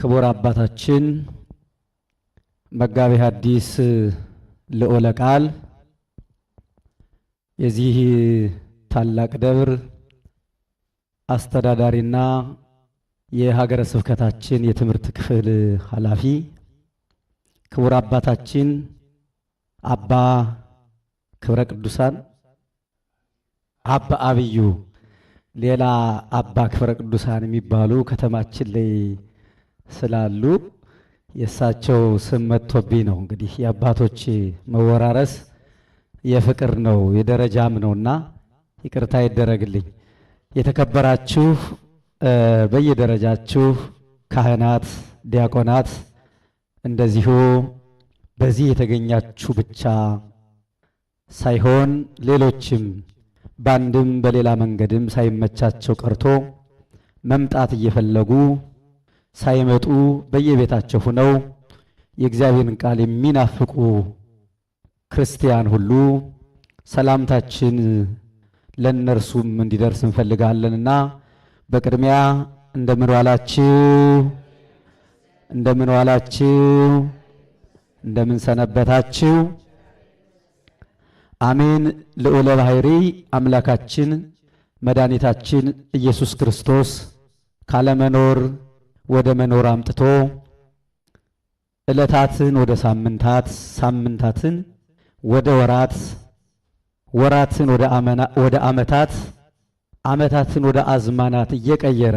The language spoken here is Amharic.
ክቡር አባታችን መጋቤ ሐዲስ ልዑለ ቃል የዚህ ታላቅ ደብር አስተዳዳሪና የሀገረ ስብከታችን የትምህርት ክፍል ኃላፊ ክቡር አባታችን አባ ክብረ ቅዱሳን አባ አብዩ ሌላ አባ ክብረ ቅዱሳን የሚባሉ ከተማችን ላይ ስላሉ የእሳቸው ስም መጥቶብኝ ነው። እንግዲህ የአባቶች መወራረስ የፍቅር ነው የደረጃም ነውና ይቅርታ ይደረግልኝ። የተከበራችሁ በየደረጃችሁ ካህናት፣ ዲያቆናት እንደዚሁ በዚህ የተገኛችሁ ብቻ ሳይሆን ሌሎችም በአንድም በሌላ መንገድም ሳይመቻቸው ቀርቶ መምጣት እየፈለጉ ሳይመጡ በየቤታቸው ሆነው የእግዚአብሔርን ቃል የሚናፍቁ ክርስቲያን ሁሉ ሰላምታችን ለእነርሱም እንዲደርስ እንፈልጋለንና በቅድሚያ እንደምን ዋላችሁ፣ እንደምን ዋላችሁ፣ እንደምን ሰነበታችሁ። አሜን። ልዑለ ባሕሪ አምላካችን መድኃኒታችን ኢየሱስ ክርስቶስ ካለመኖር ወደ መኖር አምጥቶ ዕለታትን ወደ ሳምንታት፣ ሳምንታትን ወደ ወራት፣ ወራትን ወደ ዓመታት፣ ዓመታትን ወደ አዝማናት እየቀየረ